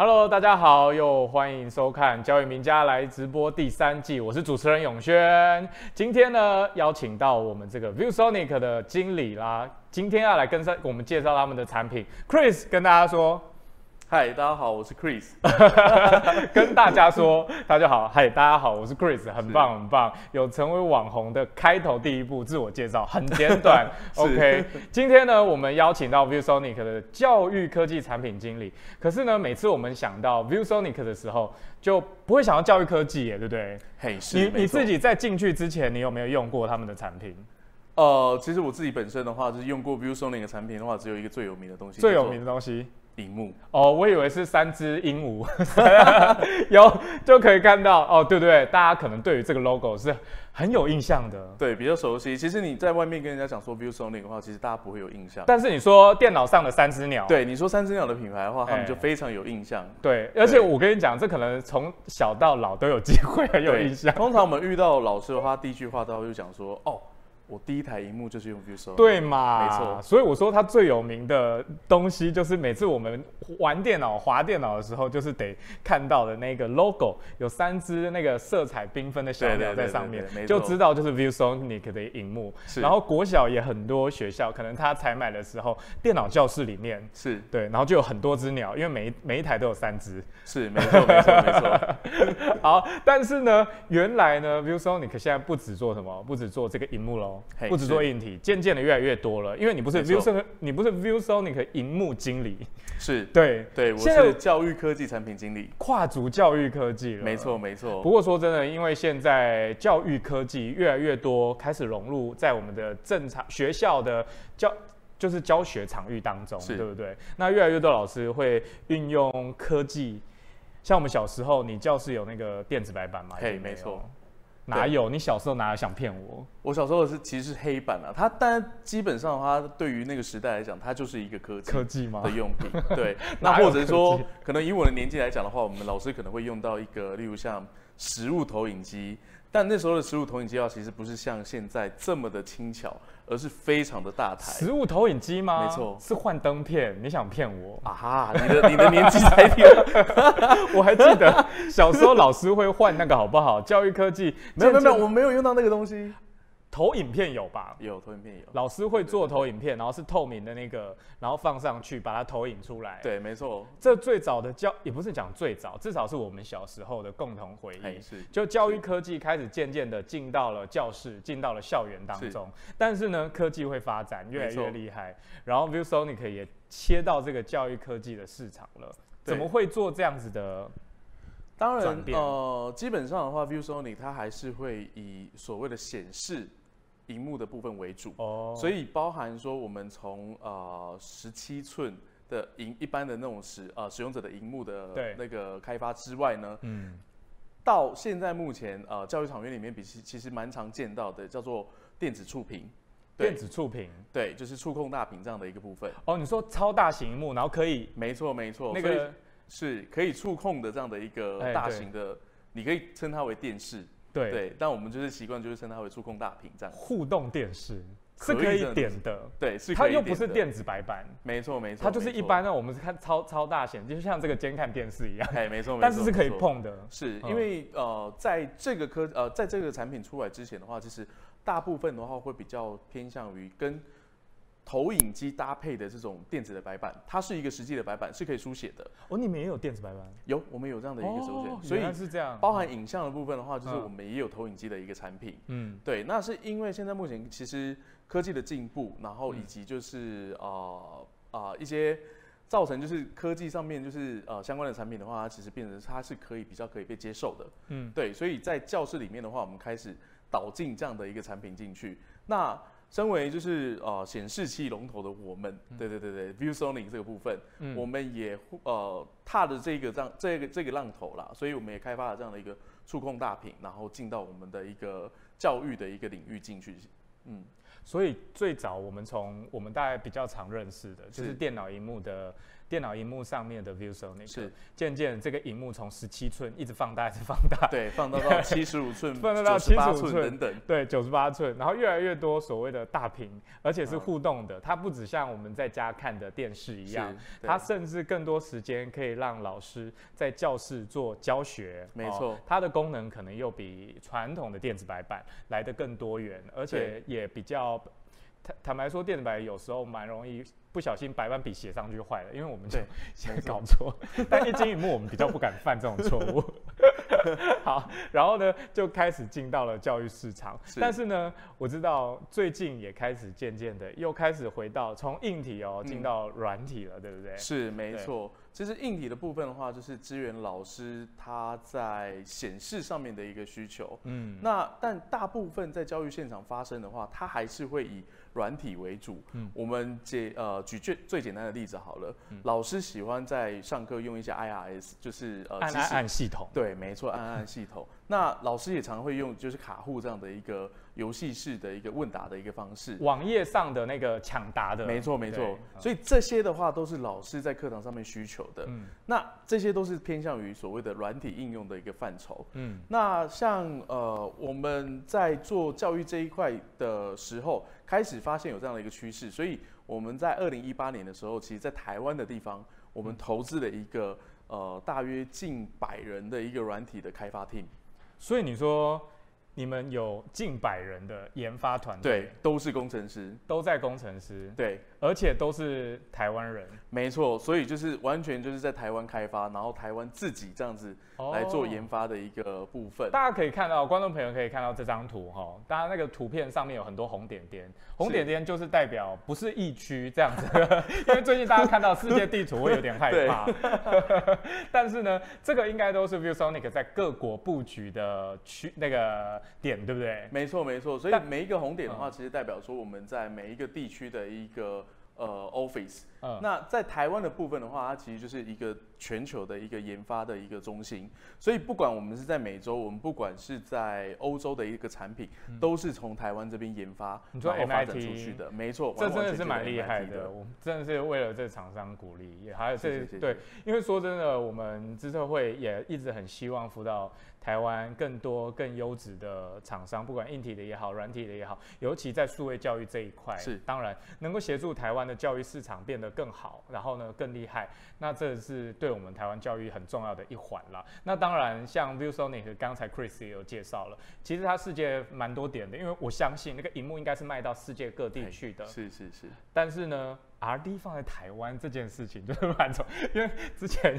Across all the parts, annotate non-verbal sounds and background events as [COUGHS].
Hello，大家好，又歡迎收看《教育名家來直播》第三季，我是主持人永軒。今天呢，邀請到我們這個 ViewSonic 的經理啦，今天要來跟上我們介紹他們的產品。Chris 跟大家說。嗨，Hi, 大家好，我是 Chris， [LAUGHS] [LAUGHS] 跟大家說，大家好，嗨， [LAUGHS] 大家好，我是 Chris，很棒，是很棒，有成為網紅的開頭第一步，自我介紹很簡短 [LAUGHS] 是，OK。今天呢，我們邀請到 ViewSonic 的教育科技產品經理，可是呢，每次我們想到 ViewSonic 的時候，就不會想到教育科技耶，對不對？嘿、hey, 是，你錯你自己在進去之前，你有沒有用過他們的產品？呃，其實我自己本身的話，就是用過 ViewSonic 的產品的話，只有一個最有名的東西，最有名的東西。屏幕哦，我以為是三隻鸚鵡， [LAUGHS] 有就可以看到哦，對，對對，大家可能對於這個 logo 是很有印象的，對，比較熟悉。其實你在外面跟人家講說 ViewSonic 的話，其實大家不會有印象。但是你說電腦上的三隻鳥，對你說三隻鳥的品牌的話，欸、他們就非常有印象。對，而且我跟你講，對這可能從小到老都有機會很有印象。通常我們遇到老師的話，哦、第一句話都會講說，哦。我第一台熒幕就是用 ViewSonic，對嘛，沒錯錯，所以我說它最有名的東西就是每次我們玩電腦、滑電腦的時候，就是得看到的那個 logo，有三隻那個色彩繽紛的小鳥在上面，對對對對對，就知道就是 ViewSonic 的熒幕是然後國小也很多學校，可能他採買的時候，電腦教室裡面是對，然後就有很多隻鳥，因為每每一台都有三隻，是沒錯沒錯沒錯。 [LAUGHS] 好，但是呢，原來呢，ViewSonic 現在不只做什麼，不只做這個熒幕嘍、哦。Hey, 不止做硬體，漸漸是的越來越多了，因為你不是 ViewSonic 錯你不是 ViewSonic 螢幕經理，是 [LAUGHS] 對，對，我是教育科技產品經理，跨足教育科技了，沒錯，沒錯。不過說真的，因為現在教育科技越來越多，開始融入在我們的正常學校的教，就是教學場域當中，是，對不對？那越來越多老師會運用科技，像我們小時候，你教室有那個電子白板嗎？可 Hey, 沒,沒錯。哪有？對你小時候哪有想騙我？我小時候是其實是黑板啊，它當然基本上它對於那個時代來講，它就是一個科技科技嗎的用品。技 [LAUGHS] 對，那或者說，可能以我的年紀來講的話，我們老師可能會用到一個，例如像實物投影機，但那時候的實物投影機啊，其實不是像現在這麼的輕巧。而是非常的大臺，實物投影機嗎？沒錯，是幻燈片。你想騙我啊哈？你的你的年紀才 [LAUGHS] [LAUGHS] 我還記得小時候老師會換那個好不好？ [LAUGHS] 教育科技，沒有沒有，沒有， [LAUGHS] 我沒有用到那個東西。投影片有吧？有投影片有，老師會做投影片，對對對對，然後是透明的那個，然後放上去，把它投影出來。對，沒錯。這最早的教也不是講最早，至少是我們小時候的共同回憶。是。就教育科技開始漸漸的進到了教室，是進到了校園當中。是。但是呢，科技會發展越來越厲害，沒錯然後 ViewSonic 也切到這個教育科技的市場了。對怎麼會做這樣子的？當然，呃，基本上的話，ViewSonic 它還是會以所謂的顯示。螢幕的部分為主，哦，所以包含說我們從呃十七寸的螢一般的那種使、呃使用者的螢幕的那個開發之外呢，嗯，到現在目前啊、呃、教育場域裡面比其其實蠻常見到的叫做電子觸屏，電子觸屏，對，觸、對就是觸控大屏這樣的一個部分。哦，你說超大型螢幕，然後可以，沒錯沒錯，那個是可以觸控的這樣的一個大型的，欸、你可以稱它為電視。對對，但我們就是習慣，就是稱它為觸控大屏這樣。互動電視可以是可以點的，對，是它又不是電子白板，沒錯沒錯，沒錯，它就是一般呢，我們是看超超大顯，就像這個監看電視一樣，哎沒錯沒錯，沒錯，但是是可以碰的，是因為、嗯、呃，在這個科呃，在這個產品出來之前的話，其實大部分的話會比較偏向於跟。投影機搭配的這種電子的白板，它是一個實際的白板，是可以書寫的。哦，你們也有電子白板？有，我們有這樣的一個首選。哦、所以原來是這樣。包含影像的部分的話，就是我們也有投影機的一個產品。嗯，對。那是因為現在目前其實科技的進步，然後以及就是啊啊、嗯呃呃、一些造成就是科技上面就是呃相關的產品的話，它其實變成它是可以比較可以被接受的。嗯，對。所以在教室裡面的話，我們開始導進這樣的一個產品進去。那身為就是呃顯示器龍頭的我們，嗯、對對對對，ViewSonic 這個部分，嗯、我們也呃踏着這個浪這個這個浪頭啦，所以我們也開發了這樣的一個觸控大屏，然後進到我們的一個教育的一個領域進去。嗯，所以最早我們從我們大概比較常認識的就是電腦螢幕的。電腦螢幕上面的 ViewSonic 是漸漸這個螢幕從十七寸一直放大，一直放大對，放大到七十五寸， [LAUGHS] 放大到七十五寸等等，對，九十八寸，然後越來越多所謂的大屏，而且是互動的，嗯、它不只像我們在家看的電視一樣，它甚至更多時間可以讓老師在教室做教學，沒錯、哦，它的功能可能又比傳統的電子白板來得更多元，而且也比較。坦白說，電子白板有時候蠻容易不小心白板筆寫上去就壞了，因為我們就搞錯。但液晶螢幕，我們比較不敢犯這種錯誤。 [LAUGHS] 好，然後呢就開始進到了教育市場，是。但是呢，我知道最近也開始漸漸的又開始回到從硬體哦，進、嗯、到軟體了，對不對？是沒錯，其實對硬體的部分的話，就是支援老師他在顯示上面的一個需求。嗯，那但大部分在教育現場發生的話，他還是會以。軟體為主，嗯、我們解呃舉最最簡單的例子好了，嗯、老師喜歡在上課用一些 IRS，就是呃按按按系統，對，沒錯，按按系統。嗯、那老師也常會用，就是卡戶這樣的一個。遊戲式的一個問答的一個方式，網頁上的那個搶答的，沒錯沒錯。對所以這些的話都是老師在課堂上面需求的。嗯，那這些都是偏向於所謂的軟體應用的一個範疇。嗯，那像呃我們在做教育這一塊的時候，開始發現有這樣的一個趨勢，所以我們在二零一八年的時候，其實在台灣的地方，我們投資了一個、嗯、呃大約近百人的一個軟體的開發 team。所以你說，你們有近百人的研發團隊，對，都是工程師，都在工程師，對。而且都是台灣人，沒錯，所以就是完全就是在台灣開發，然後台灣自己這樣子來做研發的一個部分。哦、大家可以看到，觀眾朋友可以看到這張圖哈、哦，大家那個圖片上面有很多紅點點，紅點點就是代表不是疫區這樣子是， [LAUGHS] 因為最近大家看到世界地圖會有點害怕。對 [LAUGHS] 但是呢，這個應該都是 ViewSonic 在各國佈局的區那個點，對不對？沒錯，沒錯。所以每一個紅點的話，但其實代表說我們在每一個地區的一個。呃，Office、嗯、那在台灣的部分的話，它其實就是一個全球的一個研發的一個中心。所以不管我們是在美洲，嗯、我們不管是在歐洲的一個產品，嗯、都是從台灣這邊研發，然後發展出去的。你沒錯，往往這真的是蠻厲害的，我真的是為了這廠商鼓勵，也還有這些。是是是是，對。因為說真的，我們資策會也一直很希望輔導台灣更多更優質的廠商，不管硬體的也好，軟體的也好，尤其在數位教育這一塊。是，當然能夠協助台灣教育市場變得更好，然後呢，更厲害，那這是對我們台灣教育很重要的一環了。那當然，像 ViewSonic 剛才 Chris 也有介紹了，其實它世界蠻多點的，因為我相信那個熒幕應該是賣到世界各地去的。哎、是是是。但是呢，R&D 放在台灣這件事情就是蠻重，因為之前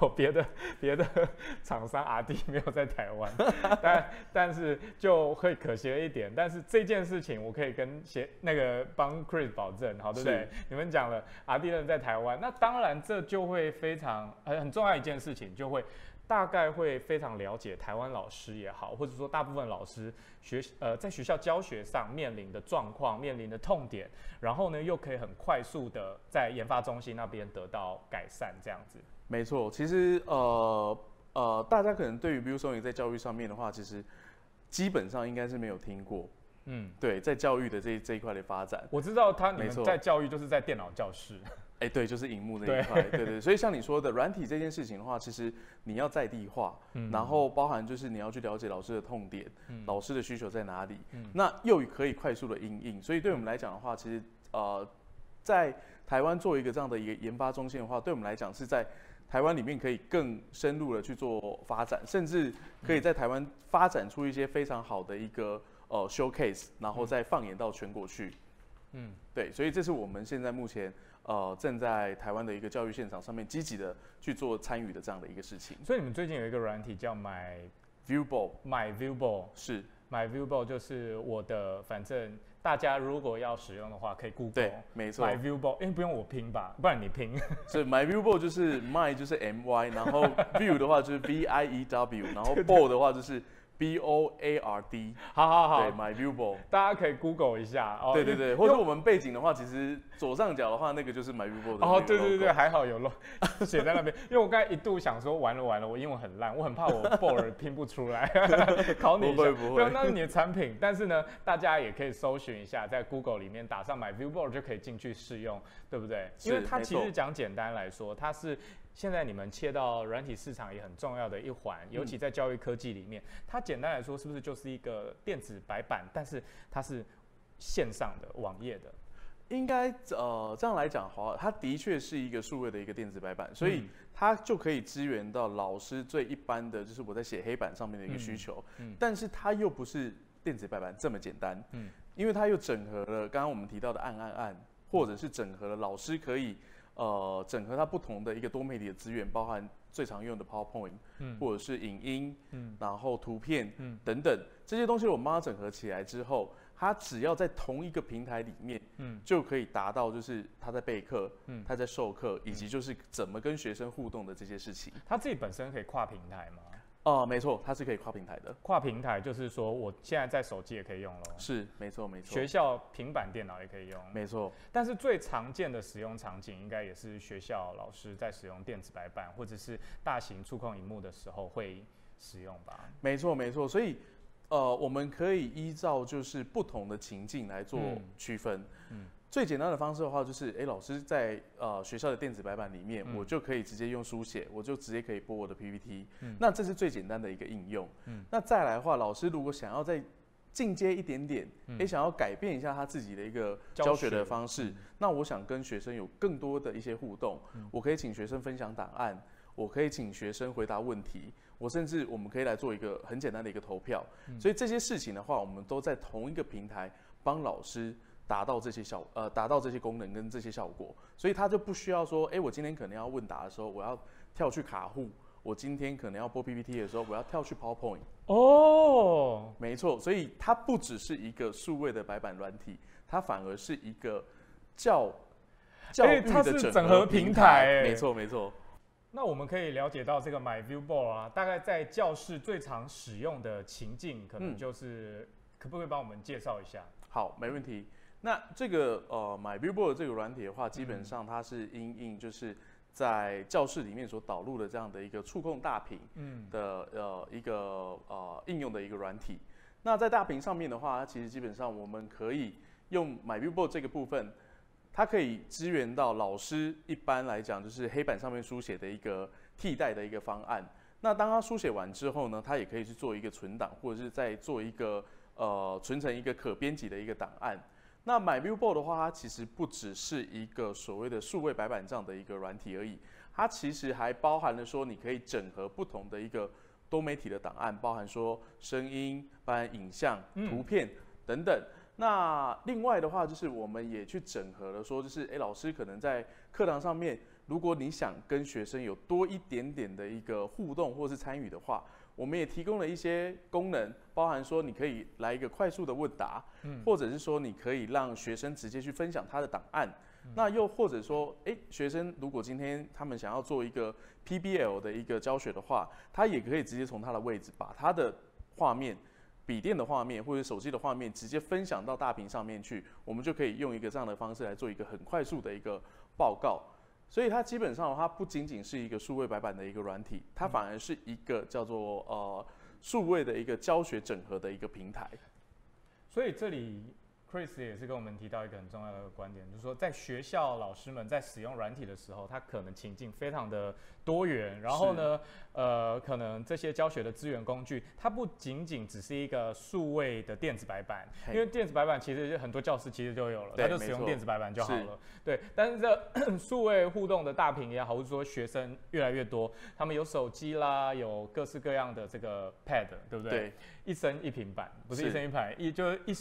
有別的別的廠商 R&D 沒有在台灣， [LAUGHS] 但但是就會可惜了一點。但是這件事情我可以跟協那個幫 Chris 保證，好對不對？是你們講了 R&D 人在台灣，那當然這就會非常很很重要一件事情就會。大概會非常了解台灣老師也好，或者說大部分老師學呃在學校教學上面臨的狀況、面臨的痛點，然後呢又可以很快速的在研發中心那邊得到改善，這樣子。沒錯，其實呃呃，大家可能對於 ViewSonic 在教育上面的話，其實基本上應該是沒有聽過，嗯，對，在教育的這一這一塊的發展，我知道他沒錯，你們在教育就是在電腦教室。哎，對，就是螢幕那一塊，對， [LAUGHS] 對對，所以像你說的軟體這件事情的話，其實你要在地化，嗯、然後包含就是你要去了解老師的痛點，嗯、老師的需求在哪裡，嗯、那又可以快速的因應。所以對我們來講的話，嗯、其實呃，在台灣做一個這樣的一個研發中心的話，對我們來講是在台灣裡面可以更深入的去做發展，甚至可以在台灣發展出一些非常好的一個、嗯、呃 showcase，然後再放眼到全國去，嗯，對，所以這是我們現在目前，呃，正在台灣的一個教育現場上面積極的去做參與的這樣的一個事情。所以你們最近有一個軟體叫 myViewBoard，myViewBoard 是 myViewBoard，就是我的，反正大家如果要使用的話，可以 Google，沒錯。myViewBoard，因、欸、為不用我拼吧，不然你拼。所以 myViewBoard 就是 My 就是 M Y， [LAUGHS] 然後 View 的話就是 V I E W， [LAUGHS] 然後 Board 的話就是。b o a r d，好好好，對，myViewBoard，大家可以 Google 一下，哦、對對對，或者我們背景的話，為其實左上角的話，那個就是 myViewBoard，哦，對對對，還好有漏寫 [LAUGHS] 在那邊，因為我剛才一度想說完了完了，我英文很爛，我很怕我 Board 拼不出來， [LAUGHS] [LAUGHS] 考你一下，不會不會，對，那是你的產品，但是呢，大家也可以搜尋一下，在 Google 裡面打上 myViewBoard 就可以進去試用，對不對？是因為它其實講錯簡單來說，它是。現在你們切到軟體市場也很重要的一環，尤其在教育科技裡面。嗯、它簡單來說是不是就是一個電子白板，但是它是線上的網頁的？應該呃這樣來講的話，它的確是一個數位的一個電子白板，所以它就可以支援到老師最一般的就是我在寫黑板上面的一個需求。嗯嗯、但是它又不是電子白板這麼簡單，嗯，因為它又整合了剛剛我們提到的按、按、按，或者是整合了老師可以。呃，整合它不同的一個多媒體的資源，包含最常用的 PowerPoint，嗯，或者是影音，嗯，然後圖片，嗯，等等這些東西，我們幫他整合起來之後，他只要在同一個平台裡面，嗯，就可以達到就是他在備課，嗯，他在授課，以及就是怎麼跟學生互動的這些事情，嗯、他自己本身可以跨平台嗎？哦、呃，沒錯，它是可以跨平台的。跨平台就是說，我現在在手機也可以用咯。是，沒錯，沒錯。學校平板電腦也可以用。沒錯。但是最常見的使用場景，應該也是學校老師在使用電子白板或者是大型觸控螢幕的時候會使用吧？沒錯，沒錯。所以，呃，我們可以依照就是不同的情境來做區分。嗯。嗯。最簡單的方式的話，就是哎、欸，老師在呃學校的電子白板裡面，嗯、我就可以直接用書寫，我就直接可以播我的 PPT、嗯。那這是最簡單的一個應用。嗯、那再來的話，老師如果想要再進階一點點，也、嗯欸、想要改變一下他自己的一個教學的方式，嗯、那我想跟學生有更多的一些互動，嗯、我可以請學生分享檔案，我可以請學生回答問題，我甚至我們可以來做一個很簡單的一個投票。嗯、所以這些事情的話，我們都在同一個平台幫老師。達到這些效呃，達到這些功能跟這些效果，所以他就不需要說，誒、欸，我今天可能要問答的時候，我要跳去卡戶，我今天可能要播 PPT 的時候，我要跳去 PowerPoint。哦，沒錯，所以它不只是一個數位的白板軟體，它反而是一個教教育的整合平台。欸，它是整合平台欸、沒錯，沒錯。那我們可以了解到這個 myViewBoard 啊，大概在教室最常使用的情境，可能就是、嗯、可不可以幫我們介紹一下？好，沒問題。那這個呃，myViewBoard 這個軟體的話，基本上它是因應用就是在教室裡面所導入的這樣的一個觸控大屏的呃一個呃應用的一個軟體。那在大屏上面的話，它其實基本上我們可以用 myViewBoard 這個部分，它可以支援到老師一般來講就是黑板上面書寫的一個替代的一個方案。那當他書寫完之後呢，他也可以去做一個存檔，或者是再做一個呃存成一個可編輯的一個檔案。那 myViewBoard 的話，它其實不只是一個所謂的數位白板這樣的一個軟體而已，它其實還包含了說你可以整合不同的一個多媒體的檔案，包含說聲音、包含影像、圖片、嗯、等等。那另外的話，就是我們也去整合了說，就是誒老師可能在課堂上面，如果你想跟學生有多一點點的一個互動或是參與的話。我們也提供了一些功能，包含說你可以來一個快速的問答，嗯、或者是說你可以讓學生直接去分享他的檔案。嗯、那又或者說，誒、欸，學生如果今天他們想要做一個 PBL 的一個教學的話，他也可以直接從他的位置把他的畫面、筆電的畫面或者手機的畫面直接分享到大屏上面去。我們就可以用一個這樣的方式來做一個很快速的一個報告。所以它基本上，它不僅僅是一個數位白板的一個軟體，它反而是一個叫做呃數位的一個教學整合的一個平台。所以這裡。Chris 也是跟我們提到一個很重要的觀點，就是說在學校老師們在使用軟體的時候，他可能情境非常的多元。然後呢，是呃，可能這些教學的資源工具，它不僅僅只是一個數位的電子白板，嘿因為電子白板其實很多教師其實就有了，對他就使用電子白板就好了。錯對，但是這是 [COUGHS] 數位互動的大屏也好，或者說學生越來越多，他們有手機啦，有各式各樣的這個 Pad，對不對？對，一生一平板，不是一生一排，一就是一。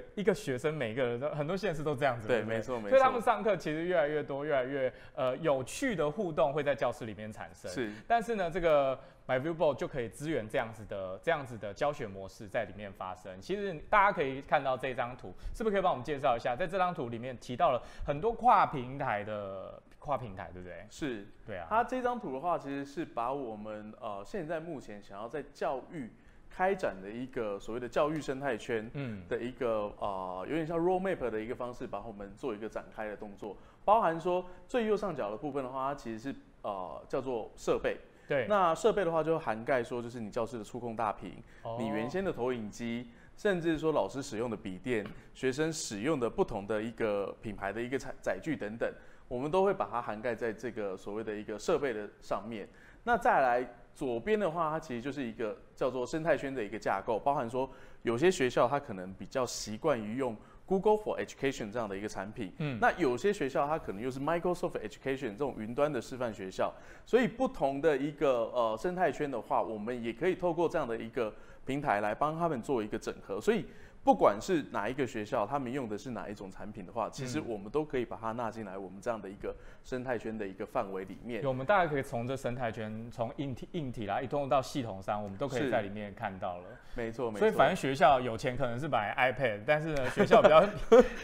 對，一個學生，每一個人都很多現實都這樣子，對，對對沒錯錯，沒錯。所以他們上課其實越來越多，越來越呃有趣的互動會在教室裡面產生。是，但是呢，這個 myViewBoard 就可以支援這樣子的這樣子的教學模式在裡面發生。其實大家可以看到這張圖，是不是可以幫我們介紹一下？在這張圖裡面提到了很多跨平台的跨平台，對不對？是對啊。它這張圖的話，其實是把我們呃現在目前想要在教育。開展的一個所謂的教育生態圈，嗯，的一個啊、嗯呃，有點像 roadmap 的一個方式，把我們做一個展開的動作，包含說最右上角的部分的話，它其實是呃叫做設備，對，那設備的話就涵蓋說就是你教室的觸控大屏，哦、你原先的投影機，甚至說老師使用的筆電，學生使用的不同的一個品牌的一個載載具等等，我們都會把它涵蓋在這個所謂的一個設備的上面，那再來，左邊的話，它其實就是一個叫做生態圈的一個架構，包含說有些學校它可能比較習慣於用 Google for Education 這樣的一個產品，嗯，那有些學校它可能又是 Microsoft Education 這種雲端的示範學校，所以不同的一個呃生態圈的話，我們也可以透過這樣的一個平台來幫他們做一個整合，所以。不管是哪一個學校，他們用的是哪一種產品的話，其實我們都可以把它納進來我們這樣的一個生態圈的一個範圍裡面，嗯。我們大概可以從這生態圈，從硬體、硬體啦，一通到系統上，我們都可以在裡面看到了。沒錯，沒錯。沒所以反正學校有錢可能是買 iPad，但是呢，學校比較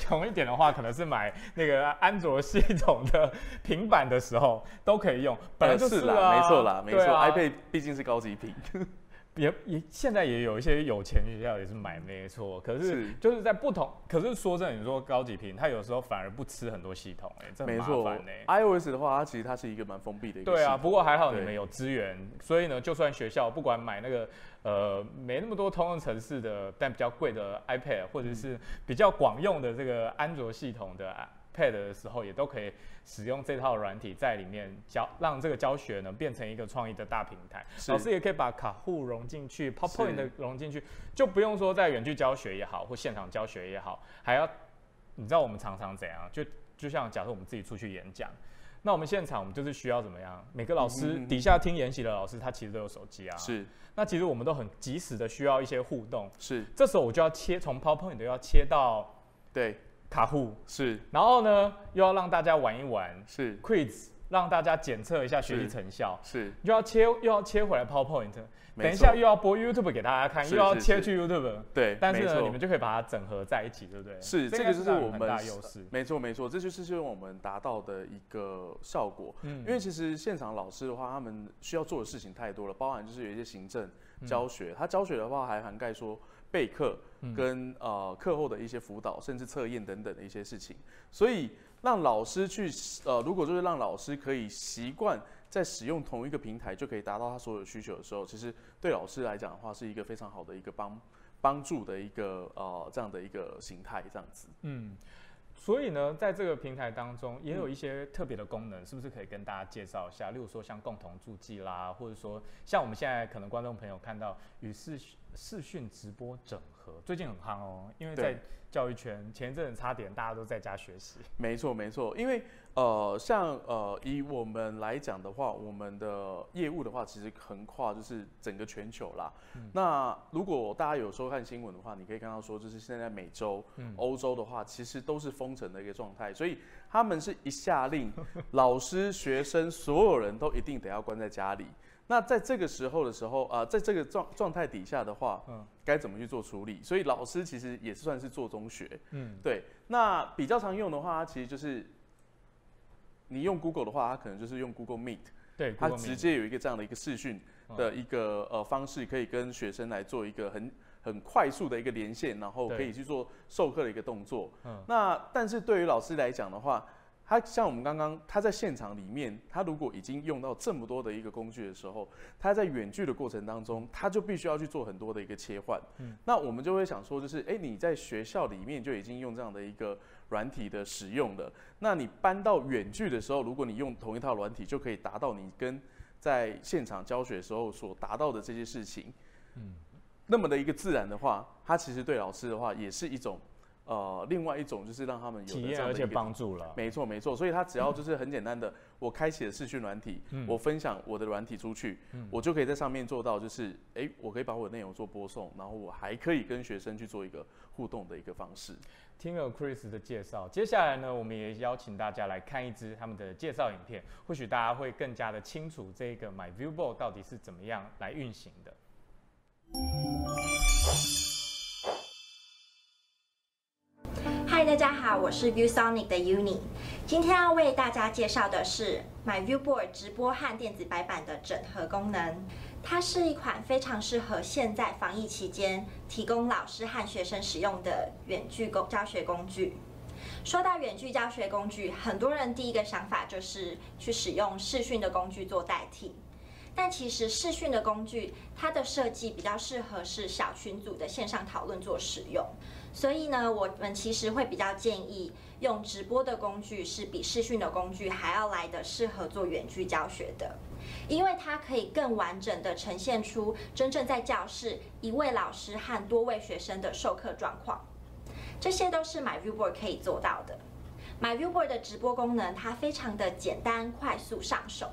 窮 [LAUGHS] 一點的話，可能是買那個安卓系統的平板的時候都可以用。本來就是，啊哎呃、是啦，沒錯啦，啊、沒錯。iPad 畢竟是高級品。 [LAUGHS] 也也現在也有一些有錢學校也是買，沒錯。可是就是在不同，可是說真的，你說高級品，它有時候反而不吃很多系統、欸，哎、欸，這很麻煩哎。iOS 的話，它其實它是一個蠻封閉的一個系統。對啊，不過還好你們有資源，對所以呢，就算學校不管買那個呃沒那麼多通用程式的，但比較貴的 iPad，或者是比較廣用的這個安卓系統的、啊。Pad 的時候也都可以使用這套軟體在裡面教，讓這個教學呢，變成一個創意的大平台。是老師也可以把卡互融進去，PowerPoint 是的融進去，就不用說在遠距教學也好，或現場教學也好，還要你知道我們常常怎樣？就就像假設我們自己出去演講，那我們現場我們就是需要怎麼樣？每個老師底下聽研習的老師他其實都有手機啊。是、嗯嗯嗯。那其實我們都很及時的需要一些互動。是。這時候我就要切從 PowerPoint 要切到對。卡庫是，然後呢，又要讓大家玩一玩是 Quiz，讓大家檢測一下學習成效是，又要切又要切回來 PowerPoint 等一下又要播 YouTube 給大家看，又要切去 YouTube 對，但是呢，你們就可以把它整合在一起，對不對？是，這個就是我們大優勢。沒錯沒錯，這就是我們達到的一個效果。嗯，因為其實現場老師的話，他們需要做的事情太多了，包含就是有一些行政教學，他教學的話還涵蓋說。備課跟、嗯、呃課後的一些輔導，甚至測驗等等的一些事情，所以讓老師去呃，如果就是讓老師可以習慣在使用同一個平台，就可以達到他所有需求的時候，其實對老師來講的話，是一個非常好的一個幫幫助的一個呃這樣的一個形態，這樣子。嗯。所以呢，在這個平台當中，也有一些特別的功能，嗯、是不是可以跟大家介紹一下？例如說，像共同注記啦，或者說像我們現在可能觀眾朋友看到與視視訊直播整合，最近很夯哦，嗯、因為在教育圈對前一陣子差點大家都在家學習，沒錯沒錯，因為。呃，像呃，以我們來講的話，我們的業務的話，其實橫跨就是整個全球啦。嗯、那如果大家有收看新聞的話，你可以看到說，就是現在，在美洲、嗯、歐洲的話，其實都是封城的一個狀態，所以他們是一下令， [LAUGHS] 老師、學生，所有人都一定得要關在家裡。那在這個時候的時候啊、呃，在這個狀狀態底下的話，嗯、該怎麼去做處理？所以老師其實也是算是做中學，嗯，對。那比較常用的話，其實就是。你用 Google 的話，它可能就是用 Google Meet，對，它直接有一個這樣的一個視訊的一個、嗯、呃方式，可以跟學生來做一個很很快速的一個連線，然後可以去做授課的一個動作。嗯，那但是對於老師來講的話，他像我們剛剛他在現場裡面，他如果已經用到這麼多的一個工具的時候，他在遠距的過程當中，他就必須要去做很多的一個切換。嗯，那我們就會想說，就是誒，你在學校裡面就已經用這樣的一個。軟體的使用的，那你搬到遠距的時候，如果你用同一套軟體，就可以達到你跟在現場教學的時候所達到的這些事情，嗯，那麼的一個自然的話，它其實對老師的話也是一種。呃，另外一種就是讓他們有體驗業，而且幫助了。沒錯，沒錯。所以他只要就是很簡單的，嗯、我開啟了視訊軟體，嗯、我分享我的軟體出去，嗯、我就可以在上面做到，就是誒我可以把我的內容做播送，然後我還可以跟學生去做一個互動的一個方式。聽了 Chris 的介紹，接下來呢，我們也邀請大家來看一支他們的介紹影片，或許大家會更加的清楚這個 myViewBoard 到底是怎麼樣來運行的。嗯大家好，我是 ViewSonic 的 Uni，今天要為大家介紹的是 myViewBoard 直播和電子白板的整合功能。它是一款非常適合現在防疫期間提供老師和學生使用的遠距教學工具。說到遠距教學工具，很多人第一個想法就是去使用視訊的工具做代替，但其實視訊的工具它的設計比較適合是小群組的線上討論做使用。所以呢，我們其實會比較建議用直播的工具，是比視訊的工具還要來的適合做遠距教學的，因為它可以更完整的呈現出真正在教室一位老師和多位學生的授課狀況。這些都是 myViewBoard 可以做到的。myViewBoard 的直播功能，它非常的簡單快速上手，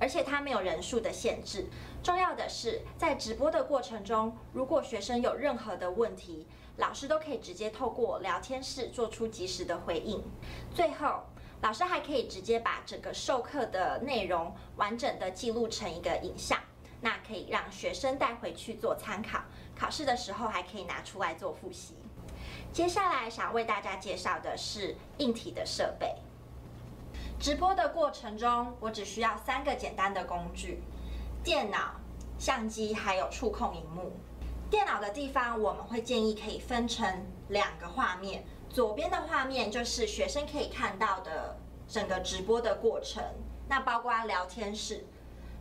而且它沒有人數的限制。重要的是，在直播的過程中，如果學生有任何的問題，老師都可以直接透過聊天室做出及時的回應。最後，老師還可以直接把整個授課的內容完整地記錄成一個影像，那可以讓學生帶回去做參考，考試的時候還可以拿出來做復習。接下來想為大家介紹的是硬體的設備。直播的過程中，我只需要三個簡單的工具：電腦、相機，還有觸控熒幕。電腦的地方，我們會建議可以分成兩個畫面。左邊的畫面就是學生可以看到的整個直播的過程，那包括聊天室。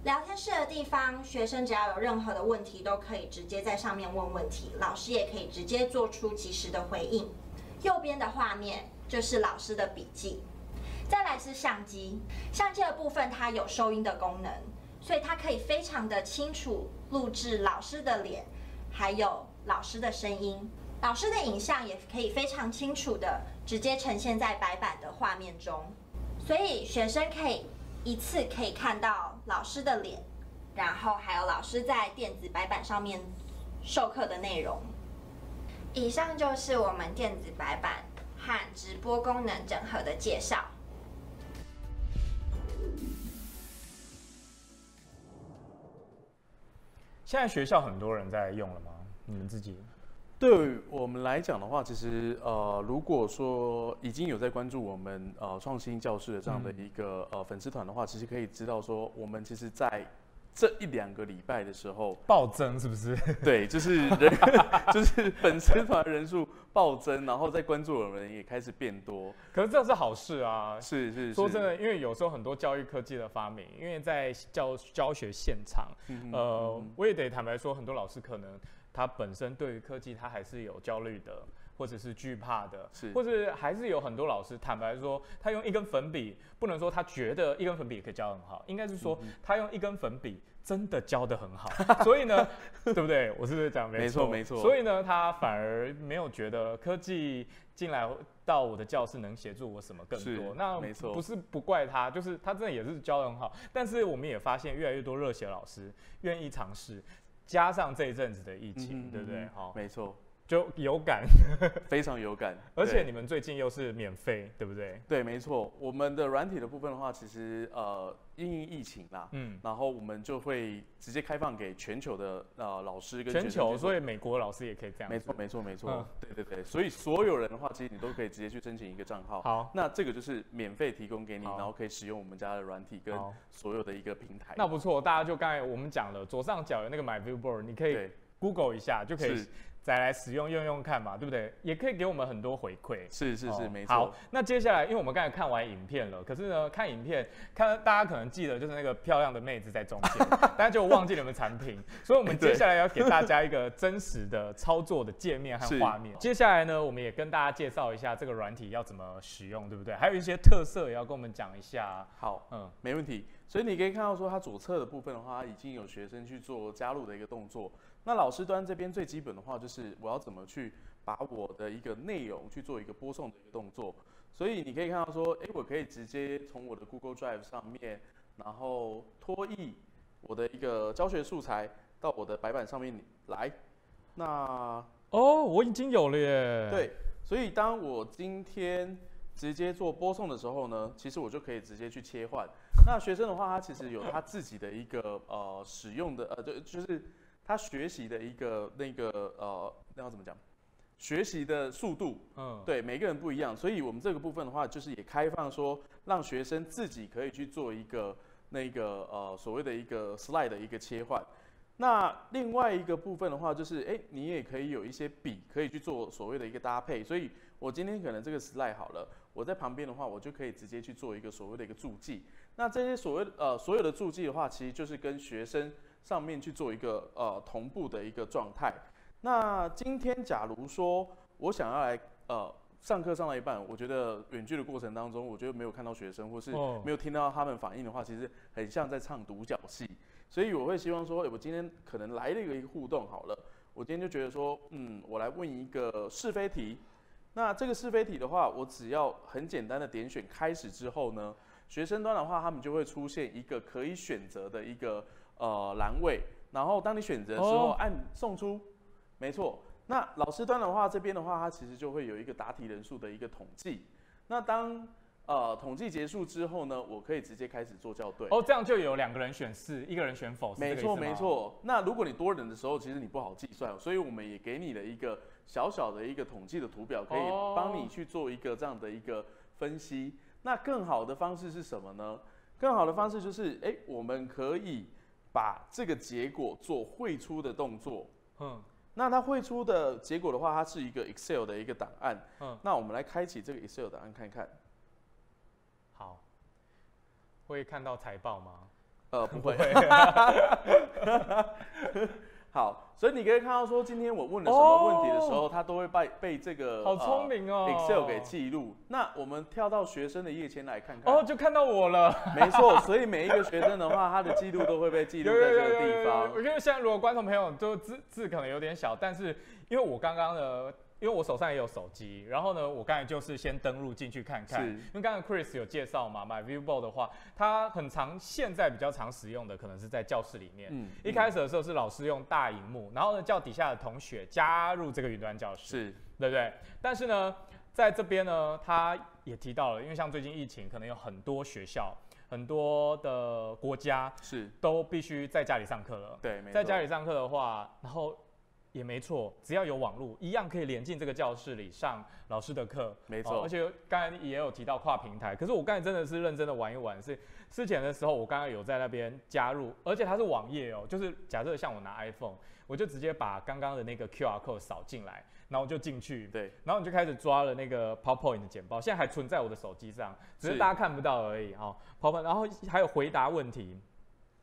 聊天室的地方，學生只要有任何的問題，都可以直接在上面問問題，老師也可以直接做出及時的回應。右邊的畫面就是老師的筆記。再來是相機，相機的部分它有收音的功能，所以它可以非常的清楚錄制老師的臉。還有老師的聲音，老師的影像也可以非常清楚的直接呈現在白板的畫面中，所以學生可以一次可以看到老師的臉，然後還有老師在電子白板上面授課的內容。以上就是我們電子白板和直播功能整合的介紹。現在學校很多人在用了嗎？你們自己？對我們來講的話，其實呃，如果說已經有在關注我們呃創新教室的這樣的一個、嗯、呃粉絲團的話，其實可以知道說我們其實，在。這一兩個禮拜的時候，暴增是不是？對，就是人， [LAUGHS] 就是粉絲團人數暴增，然後在關注的人也開始變多。可是這是好事啊，是是。是是說真的，因為有時候很多教育科技的發明，因為在教教學現場，嗯、哼呃，我也得坦白說，很多老師可能他本身對於科技他還是有焦慮的。或者是懼怕的，是或者還是有很多老師坦白說，他用一根粉筆，不能說他覺得一根粉筆可以教得很好，應該是說，嗯、哼他用一根粉筆真的教得很好， [LAUGHS] 所以呢， [LAUGHS] 對不對？我是不是講沒錯？沒錯。沒錯。所以呢，他反而沒有覺得科技進來到我的教室能協助我什麼更多。那沒錯，不是不怪他，就是他真的也是教得很好。但是我們也發現越來越多熱血老師願意嘗試，加上這一陣子的疫情，嗯嗯嗯對不對？好，沒錯。就有感，非常有感，而且你們最近又是免費，對不對？對，沒錯。我們的軟體的部分的話，其實呃，因為疫情啦，嗯，然後我們就會直接開放給全球的呃老師跟全球，所以美國老師也可以這樣。沒錯，沒錯，沒錯。對對對，所以所有人的話，其實你都可以直接去申請一個賬號。好，那這個就是免費提供給你，然後可以使用我們家的軟體跟所有的一個平台。那不錯，大家就剛才我們講了，左上角有那個 myViewBoard，你可以 Google 一下就可以。再來使用用用看嘛，對不對？也可以給我們很多回饋。是是是，哦、沒錯。好，那接下來，因為我們剛才看完影片了，可是呢，看影片看大家可能記得就是那個漂亮的妹子在中間，大家 [LAUGHS] 就忘記了我們產品。 [LAUGHS] 所以，我們接下來要給大家一個真實的操作的界面和畫面。是哦、接下來呢，我們也跟大家介紹一下這個軟體要怎麼使用，對不對？還有一些特色也要跟我們講一下。好，嗯，沒問題。所以你可以看到說，它左側的部分的話，它已經有學生去做加入的一個動作。那老師端這邊最基本的話，就是我要怎麼去把我的一個內容去做一個播送的一個動作。所以你可以看到說，誒、欸，我可以直接從我的 Google Drive 上面，然後拖曳我的一個教學素材到我的白板上面來。那哦，我已經有了耶。對，所以當我今天直接做播送的時候呢，其實我就可以直接去切換。那學生的話，他其實有他自己的一個呃使用的呃對，就是。他學習的一個那個呃，那要怎麼講？學習的速度，嗯，對，每個人不一樣。所以我們這個部分的話，就是也開放說，讓學生自己可以去做一個那個呃，所謂的一個 slide 的一個切換。那另外一個部分的話，就是哎、欸，你也可以有一些筆，可以去做所謂的一個搭配。所以我今天可能這個 slide 好了，我在旁邊的話，我就可以直接去做一個所謂的一個註記。那這些所謂呃，所有的註記的話，其實就是跟學生上面去做一個呃，同步的一個狀態。那今天假如說我想要來呃，上課上到一半，我覺得遠距的過程當中，我覺得沒有看到學生或是沒有聽到他們反應的話，其實很像在唱獨角戲。所以我會希望說，欸，我今天可能來了一個互動，好了，我今天就覺得說，嗯，我來問一個是非題。那這個是非題的話，我只要很簡單的點選開始之後呢，學生端的話，他們就會出現一個可以選擇的一個。呃，欄位，然後當你選擇的時候，哦、按送出，沒錯。那老師端的話，這邊的話，它其實就會有一個答題人數的一個統計。那當呃統計結束之後呢，我可以直接開始做校對。哦，這樣就有兩個人選是，一個人選否，沒錯沒錯。那如果你多人的時候，其實你不好計算，所以我們也給你了一個小小的一個統計的圖表，可以幫你去做一個這樣的一個分析。哦、那更好的方式是什麼呢？更好的方式就是，哎，我們可以。把這個結果做匯出的動作，嗯，那它匯出的結果的話，它是一個 Excel 的一個檔案，嗯，那我們來開啟這個 Excel 檔案看一看。好，會看到財報嗎？呃，不會。 [LAUGHS] [LAUGHS] [LAUGHS] 好，所以你可以看到說，今天我問了什麼問題的時候，oh, 他都會被被這個好聰明哦。呃，Excel 給記錄。那我們跳到學生的頁籤來看看，哦，oh, 就看到我了， [LAUGHS] 沒錯。所以每一個學生的話，他的記錄都會被記錄在這個地方。因為、yeah, yeah, yeah, yeah, yeah. 現在如果觀眾朋友都字字可能有點小，但是因為我剛剛的。因為我手上也有手機，然後呢，我剛才就是先登錄進去看看。是。因為剛剛 Chris 有介紹嘛，myViewBoard 的話，它很常現在比較常使用的，可能是在教室裡面。嗯、一開始的時候是老師用大螢幕，嗯、然後呢叫底下的同學加入這個雲端教室，是，對不對？但是呢，在這邊呢，他也提到了，因為像最近疫情，可能有很多學校、很多的國家是都必須在家裡上課了。對，沒錯。在家裡上課的話，然後。也沒錯，只要有網絡一樣可以連進這個教室裡上老師的課。沒錯。哦，而且剛才也有提到跨平台。可是我剛才真的是認真的玩一玩，是之前的時候我剛剛有在那邊加入，而且它是網頁哦，就是假設像我拿 iPhone，我就直接把剛剛的那個 QR code 掃進來，然後就進去，對，然後你就開始抓了那個 PowerPoint 的簡報，現在還存在我的手機上，只是大家看不到而已哈。PowerPoint 然後還有回答問題，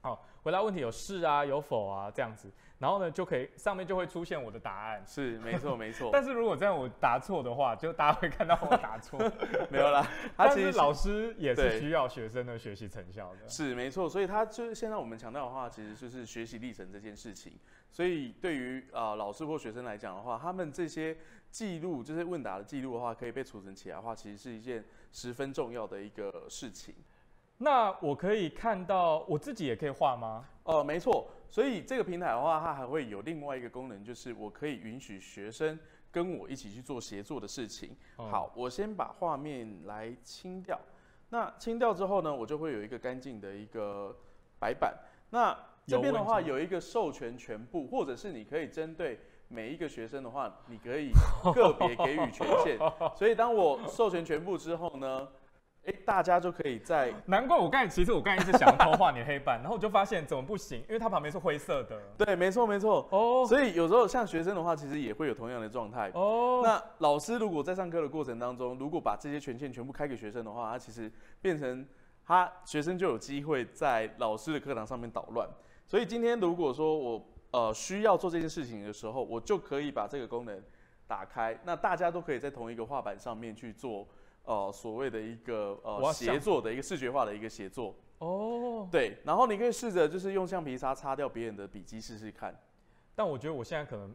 好、哦，回答問題有是啊，有否啊這樣子。然後呢，就可以上面就會出現我的答案，是沒錯沒錯。沒錯，但是如果這樣我答錯的話，就大家會看到我答錯， [LAUGHS] 沒有啦。他其實老師也是需要學生的學習成效的，是沒錯。所以他就是現在我們強調的話，其實就是學習歷程這件事情。所以對於啊、呃、老師或學生來講的話，他們這些記錄，這、就、些、是、問答的記錄的話，可以被儲存起來的話，其實是一件十分重要的一個事情。那我可以看到我自己也可以畫嗎？呃，沒錯。所以這個平台的話，它還會有另外一個功能，就是我可以允許學生跟我一起去做協作的事情。嗯、好，我先把畫面來清掉。那清掉之後呢，我就會有一個乾淨的一個白板。那這邊的話有一個授權全部，或者是你可以針對每一個學生的話，你可以個別給予權限。 [LAUGHS] 所以當我授權全部之後呢？哎，大家就可以在。難怪我剛才，其實我剛才一直想要偷畫你的黑板， [LAUGHS] 然後我就發現怎麼不行，因為它旁邊是灰色的。對，沒錯，沒錯。哦。Oh. 所以有時候像學生的話，其實也會有同樣的狀態。哦。Oh. 那老師如果在上課的過程當中，如果把這些權限全部開給學生的話，他其實變成他學生就有機會在老師的課堂上面搗亂。所以今天如果說我呃需要做這件事情的時候，我就可以把這個功能打開，那大家都可以在同一個畫板上面去做，呃，所謂的一個呃協作的一個視覺化的一個協作哦，oh、對，然後你可以試着就是用橡皮擦擦掉別人的筆記試試看，但我覺得我現在可能，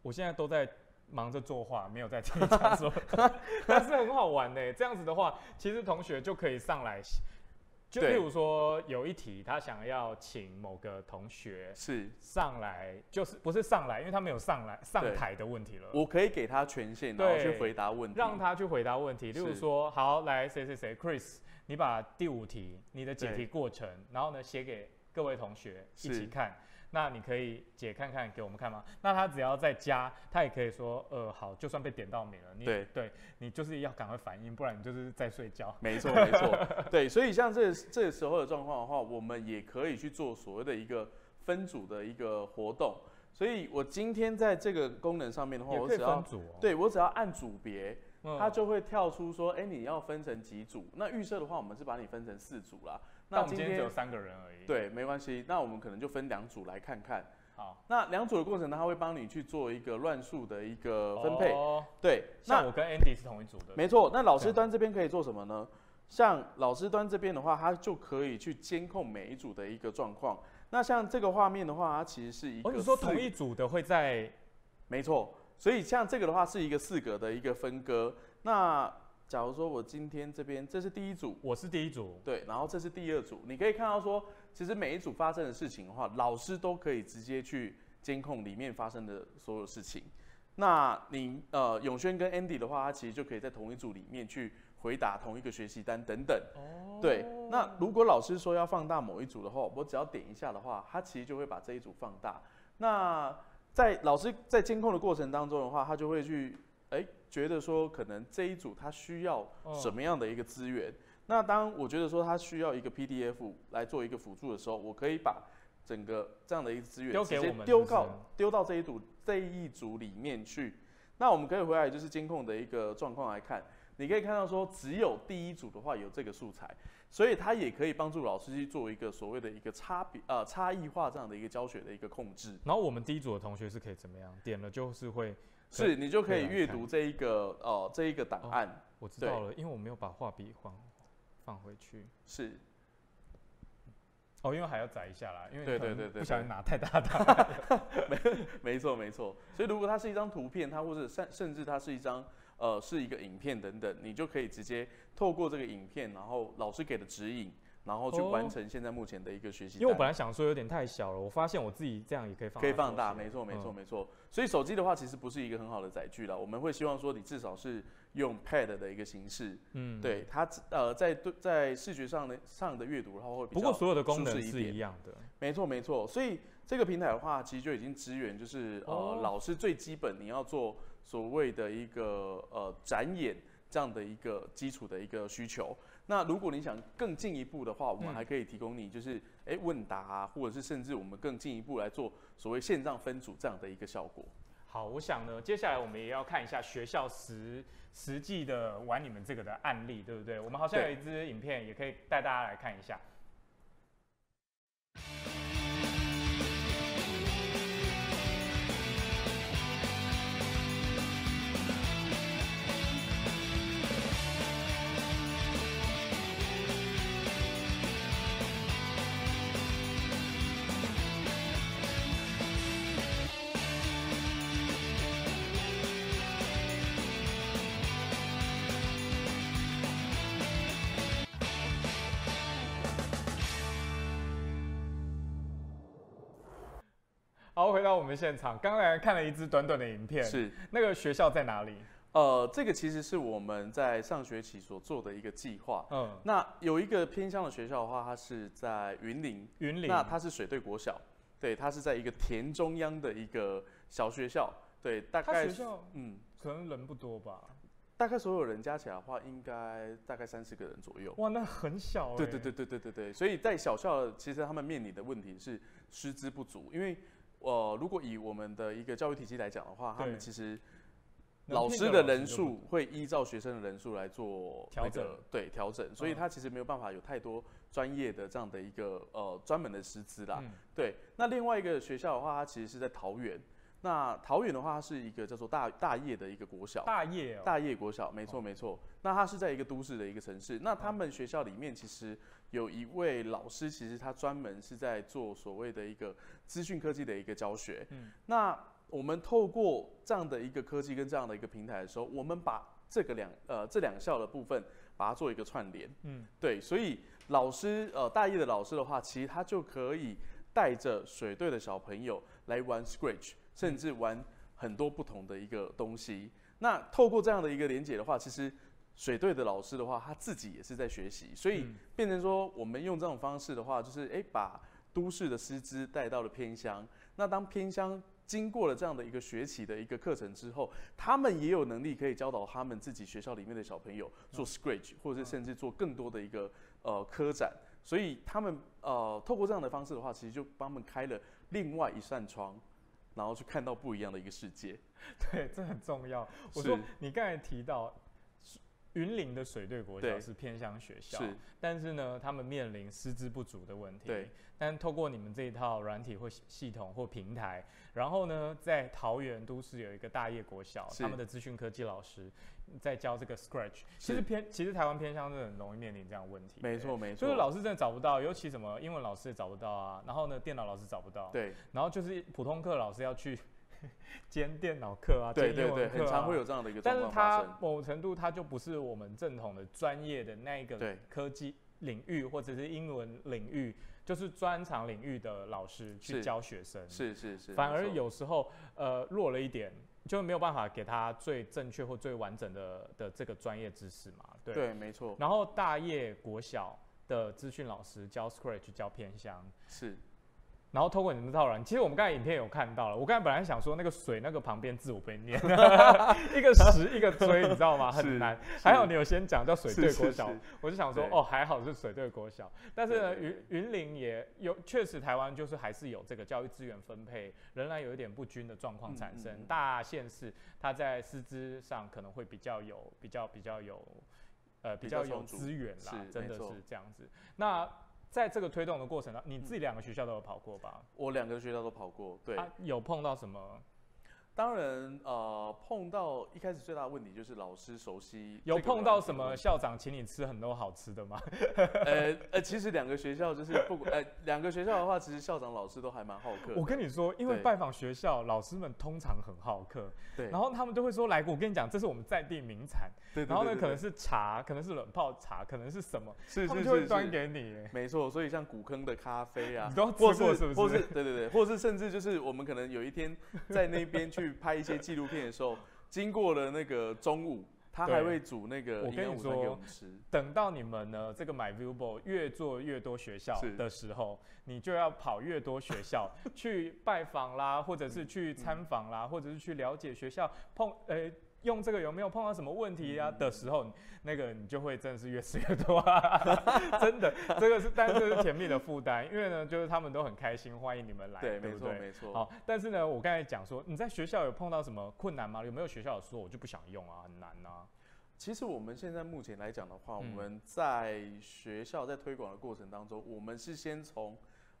我現在都在忙着作畫，沒有在聽講座， [LAUGHS] 但是很好玩呢、欸。 [LAUGHS] 這樣子的話，其實同學就可以上來。就譬如說，有一題他想要請某個同學是上來，是就是不是上來，因為他沒有上來上台的問題了。我可以給他權限，然後去回答問題，對，讓他去回答問題。例如說，是好，來誰誰誰，Chris，你把第五題你的解題過程，對然後呢寫給各位同學一起看。那你可以解看看給我們看嗎？那他只要在家，他也可以說，呃，好，就算被點到名了，你對對，你就是要趕快反應，不然你就是在睡覺。沒錯沒錯，對，所以像這這時候的狀況的話，我們也可以去做所謂的一個分組的一個活動。所以我今天在這個功能上面的話，也可以分組哦、我只要對我只要按組別，嗯、它就會跳出說，誒，你要分成幾組？那預設的話，我們是把你分成四組啦。那我們今天只有三個人而已。對，沒關係。那我們可能就分兩組來看看。好，那兩組的過程呢，他會幫你去做一個亂數的一個分配。哦，對，像 那我跟 Andy 是同一組的。沒錯。那老師端這邊可以做什麼呢？對像老師端這邊的話，它就可以去監控每一組的一個狀況。那像這個畫面的話，它其實是一個。哦，你說同一組的會在？沒錯。所以像這個的話，是一個四格的一個分割。那。假如說我今天這邊，這是第一組，我是第一組，對，然後這是第二組，你可以看到說，其實每一組發生的事情的話，老師都可以直接去監控裡面發生的所有事情。那你呃，永軒跟 Andy 的話，他其實就可以在同一組裡面去回答同一個學習單等等。哦，對，那如果老師說要放大某一組的話，我只要點一下的話，他其實就會把這一組放大。那在老師在監控的過程當中的話，他就會去，哎、欸，覺得說可能這一組他需要什麼樣的一個資源？嗯、那當我覺得說他需要一個 PDF 來做一個輔助的時候，我可以把整個這樣的一個資源丟給我們是不是，丟到丟到這一組、這一組裡面去。那我們可以回來就是監控的一個狀況來看，你可以看到說只有第一組的話有這個素材，所以它也可以幫助老師去做一個所謂的一個差別呃、差異化這樣的一個教學的一個控制。然後我們第一組的同學是可以怎麼樣？點了就是會。對是，你就可以閱讀這一個哦、呃，這一個檔案。哦、我知道了，對因為我沒有把畫筆放放回去。是。哦，因為還要載一下啦，因為對對對對，不小心拿太大的檔。沒沒錯沒錯，所以如果它是一張圖片，它或是甚甚至它是一張呃是一個影片等等，你就可以直接透過這個影片，然後老師給的指引。然後去完成現在目前的一個學習。哦，因為我本來想說有點太小了，我發現我自己這樣也可以放大，可以放大，沒錯沒錯、嗯、沒錯。所以手機的話其實不是一個很好的載具了，我們會希望說你至少是用 Pad 的一個形式，嗯，對，它呃在對在視覺上的上的閱讀的話，然後會比較好，不過所有的功能是一樣的，沒錯沒錯。所以這個平台的話，其實就已經支援就是、哦、呃老師最基本你要做所謂的一個呃展演這樣的一個基礎的一個需求。那如果你想更進一步的話，我們還可以提供你就是、嗯、誒問答、啊，或者是甚至我們更進一步來做所謂線上分組這樣的一個效果。好，我想呢，接下來我們也要看一下學校實實際的玩你們這個的案例，對不對？我們好像有一支影片，也可以帶大家來看一下。好、哦，回到我們現場。剛才看了一支短短的影片，是那個學校在哪裡？呃，這個其實是我們在上學期所做的一個計劃。嗯，那有一個偏鄉的學校的話，它是在雲林。雲林，那它是水對國小，對，它是在一個田中央的一個小學校。對，大概。它學校嗯，可能人不多吧。大概所有人加起來的話，應該大概三十個人左右。哇，那很小、欸。對對對對對對對，所以在小校，其實他們面臨的問題是師資不足，因為。呃，如果以我們的一個教育體系來講的話，對他們其實老師的人數會依照學生的人數來做那個、調整，對，調整，嗯、所以他其實沒有辦法有太多專業的這樣的一個呃專門的師資啦。嗯、對，那另外一個學校的話，它其實是在桃園。那桃園的話，它是一個叫做大大業的一個國小，大業、哦、大業國小，沒錯、哦、沒錯。那它是在一個都市的一個城市，那他們學校裡面其實。有一位老師，其實他專門是在做所謂的一個資訊科技的一個教學。嗯，那我們透過這樣的一個科技跟這樣的一個平台的時候，我們把這個兩呃這兩校的部分把它做一個串聯。嗯，對，所以老師呃大一的老師的話，其實他就可以帶着水隊的小朋友來玩 Scratch，、嗯、甚至玩很多不同的一個東西。那透過這樣的一個連接的話，其實。水隊的老師的話，他自己也是在學習，所以變成說，我們用這種方式的話，就是誒、欸、把都市的師資帶到了偏鄉。那當偏鄉經過了這樣的一個學習的一個課程之後，他們也有能力可以教導他們自己學校裡面的小朋友做 Scratch、哦、或者是甚至做更多的一個、哦、呃科展。所以他們呃透過這樣的方式的話，其實就幫他們開了另外一扇窗，然後去看到不一樣的一個世界。對，這很重要。我說是你剛才提到，雲林的水隊國小是偏鄉學校，是但是呢，他們面臨師資不足的問題。對但透過你們這一套軟體或系統或平台，然後呢，在桃園都市有一個大業國小，是他們的資訊科技老師在教這個 Scratch 是。其實偏，其實台灣偏鄉真的很容易面臨這樣問題。沒錯，對沒錯。所以老師真的找不到，尤其什麼英文老師也找不到啊。然後呢，電腦老師找不到。對。然後就是普通課老師要去兼電腦課啊，對對對、兼英文課啊，很常會有這樣的一個狀況，但是他某程度他就不是我們正統的專業的那一個科技領域或者是英文領域，對就是專長領域的老師去教學生，是是，是是是，反而有時候錯呃弱了一點，就沒有辦法給他最正確或最完整的的這個專業知識嘛。對，對沒錯。然後大業國小的資訊老師教 Scratch 教偏鄉。是。然後透過你們這套，其實我們剛才影片有看到了。我剛才本來想說那個水那個旁邊字，我不會念，一個石一個追，你知道嗎？很難。還好你有先講叫水對國小，我就想說哦，還好是水對國小。但是雲雲林也有，確實台灣就是還是有這個教育資源分配仍然有一點不均的狀況產生。大縣市它在師資上可能會比較有比較比較有呃比較有資源啦，真的是這樣子。那。在這個推動的過程當中，你自己兩個學校都有跑過吧？我兩個學校都跑過，對。啊，有碰到什麼？當然，呃，碰到一開始最大的問題就是老師熟悉。有碰到什麼校長請你吃很多好吃的嗎？呃、 [LAUGHS] 欸、呃，其實兩個學校就是不管，呃、欸，兩個學校的話，其實校長老師都還蠻好客。我跟你說，因為拜訪學校，對老師們通常很好客。對。然後他們就會說：“來，我跟你講，這是我們在地名產。”對對，對，對對。然後呢，可能是茶，可能是冷泡茶，可能是什麼，是是是是他們就會端給你。沒錯，所以像古坑的咖啡啊，你都要吃過是不是？或是，或是對對對， [LAUGHS] 或是甚至就是我們可能有一天在那邊去。去拍一些紀錄片的時候， [LAUGHS] 經過了那個中午，他還會煮那個。我跟你說，等到你們呢，這個 myViewBoard 越做越多學校的時候，是你就要跑越多學校 [LAUGHS] 去拜訪啦，或者是去參訪啦，嗯、或者是去了解學校碰呃。欸用這個有沒有碰到，什麼問題呀、啊？的時候、嗯，那個你就會真的是越吃越多啊！ [LAUGHS] [LAUGHS] 真的，這個是，但這是是甜蜜的負擔，因為呢，就是他們都很開心，歡迎你們來，對，對不對？沒錯，沒錯。好，但是呢，我剛才講說，你在學校有碰到什麼困難嗎？有沒有學校說我就不想用啊，很難啊？其實我們現在目前來講的話，我們在學校在推廣的過程當中，我們是先從。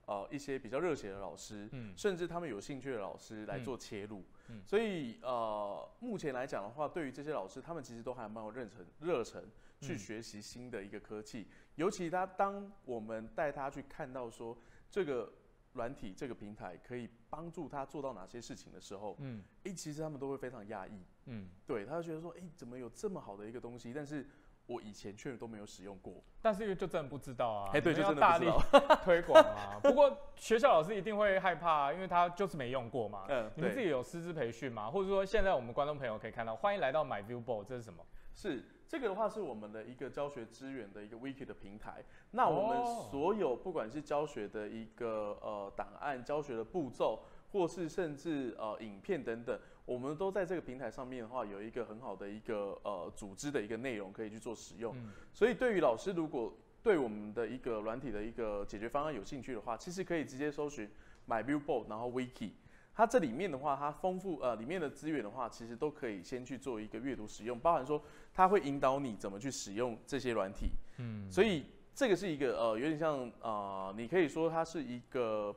呃，一些比較熱血的老師，嗯、甚至他們有興趣的老師來做切入，嗯嗯、所以呃，目前來講的話，對於這些老師，他們其實都還蠻有熱忱，熱忱去學習新的一個科技。嗯、尤其他當我們帶他去看到說這個軟體、這個平台可以幫助他做到哪些事情的時候，嗯，誒、欸，其實他們都會非常訝異，嗯，對，他就覺得說，哎、欸，怎麼有這麼好的一個東西？但是我以前確實都沒有使用過，但是就真的不知道啊！哎，對，大力啊、就真的不知道。推廣啊！不過，學校老師一定會害怕，因為他就是沒用過嘛。嗯，你們自己有師資培訓嗎？對或者說，現在我們觀眾朋友可以看到，歡迎來到 My ViewBoard，這是什麼？是這個的話，是我們的一個教學資源的一個 Wiki 的平台。哦、那我們所有不管是教學的一個呃檔案、教學的步驟，或是甚至呃影片等等。我們都在這個平台上面的話，有一個很好的一個呃組織的一個內容可以去做使用。嗯、所以對於老師，如果對我們的一個軟體的一個解決方案有興趣的話，其實可以直接搜尋 myViewBoard 然後 Wiki。它這裡面的話，它豐富呃裡面的資源的話，其實都可以先去做一個閱讀使用，包含說它會引導你怎麼去使用這些軟體。嗯，所以這個是一個呃有點像啊、呃，你可以說它是一個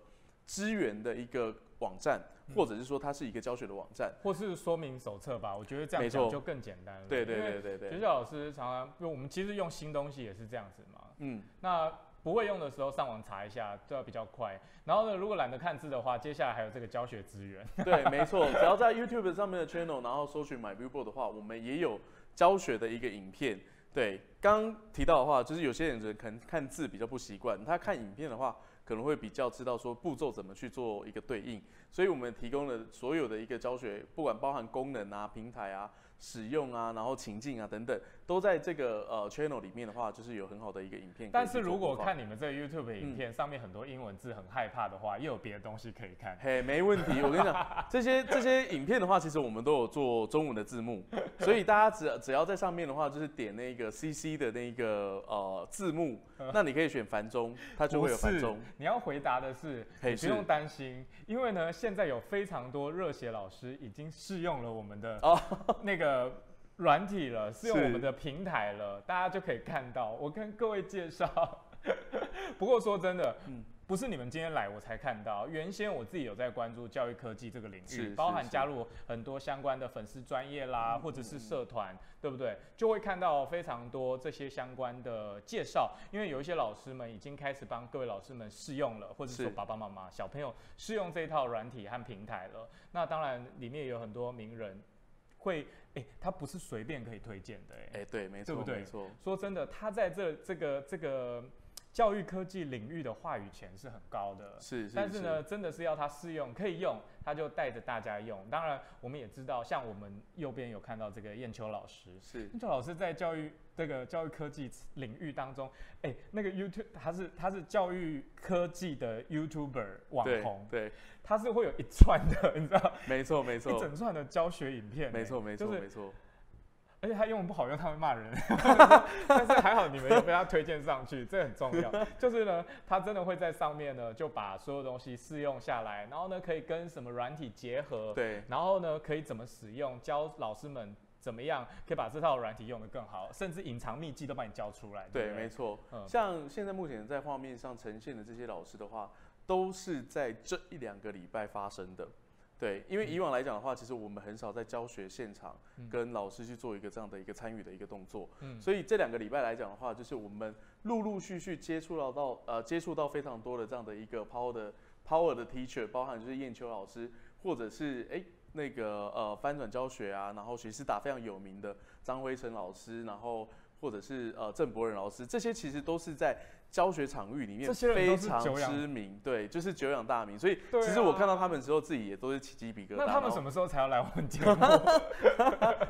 資源的一個。網站，或者是說它是一個教學的網站，嗯、或是說明手冊吧。我覺得這樣就更簡單了沒錯。對，對對對對對。學校老師常常用，我們其實用新東西也是這樣子嘛。嗯。那不會用的時候上網查一下，就要比較快。然後呢，如果懶得看字的話，接下來還有這個教學資源。對，沒錯。只要在 YouTube 上面的 channel，然後搜尋 myViewBoard 的話，我們也有教學的一個影片。對，剛提到的話，就是有些人可能看字比較不習慣，他看影片的話，可能會比較知道說步驟怎麼去做一個對應，所以我們提供了所有的一個教學，不管包含功能啊、平台啊、使用啊，然後情境啊等等。都在這個呃 channel 裡面的話，就是有很好的一個影片。但是如果看你們這個 YouTube 影片、嗯、上面很多英文字，很害怕的話，嗯、又有別的東西可以看。嘿，hey, 沒問題，我跟你講， [LAUGHS] 這些這些影片的話，其實我們都有做中文的字幕， [LAUGHS] 所以大家只只要在上面的話，就是點那個 CC 的那個呃字幕， [LAUGHS] 那你可以選繁中，它就會有繁中。你要回答的是，嘿是，不用擔心，因為呢，現在有非常多熱血老師已經試用了我們的哦那個。 [LAUGHS] 軟體了，是用我們的平台了，是大家就可以看到。我跟各位介紹。 [LAUGHS] 不過說真的，嗯，不是你們今天來我才看到，原先我自己有在關注教育科技這個領域，是包含加入很多相關的粉絲專頁啦，是或者是社團，嗯嗯對不對？就會看到非常多這些相關的介紹，因為有一些老師們已經開始幫各位老師們試用了，或者是說爸爸媽媽、小朋友試用這一套軟體和平台了。那當然，裡面有很多名人會。哎，欸、他不是隨便可以推薦的，哎、欸，欸、對，沒錯，對不對？沒錯。說真的，他在這這個這個教育科技領域的話語權是很高的，是，是是但是呢，真的是要他適用可以用，他就帶着大家用。當然，我們也知道，像我們右邊有看到這個燕秋老師，是燕秋老師在教育這個教育科技領域當中，哎、欸，那個 YouTube 他是他是教育科技的 YouTuber 網紅，對，對他是會有一串的，你知道？沒錯沒錯，一整串的教學影片、欸沒，沒錯、就是、沒錯沒錯。而且他用不好用，他會罵人。 [LAUGHS] 但是還好，你們又被他推薦上去， [LAUGHS] 這很重要。就是呢，他真的會在上面呢，就把所有東西試用下來，然後呢，可以跟什麼軟體結合，對，然後呢，可以怎麼使用，教老師們怎麼樣可以把這套軟體用得更好，甚至隱藏秘籍都把你教出來。對，對，對，沒錯。嗯，像現在目前在畫面上呈現的這些老師的話，都是在這一兩個禮拜發生的。對，因為以往來講的話，嗯、其實我們很少在教學現場跟老師去做一個這樣的一個參與的一個動作。嗯、所以這兩個禮拜來講的話，就是我們陸陸續續接觸到到呃，接觸到非常多的這樣的一個 power 的 power 的 teacher，包含就是燕秋老師，或者是哎那個呃翻轉教學啊，然後學思達非常有名的張輝誠老師，然後或者是呃鄭伯仁老師，這些其實都是在。教學場域裡面非常知名，對，就是久仰大名，所以其實我看到他們之後，自己也都是起雞皮疙瘩。那他們什麼時候才要來我們家？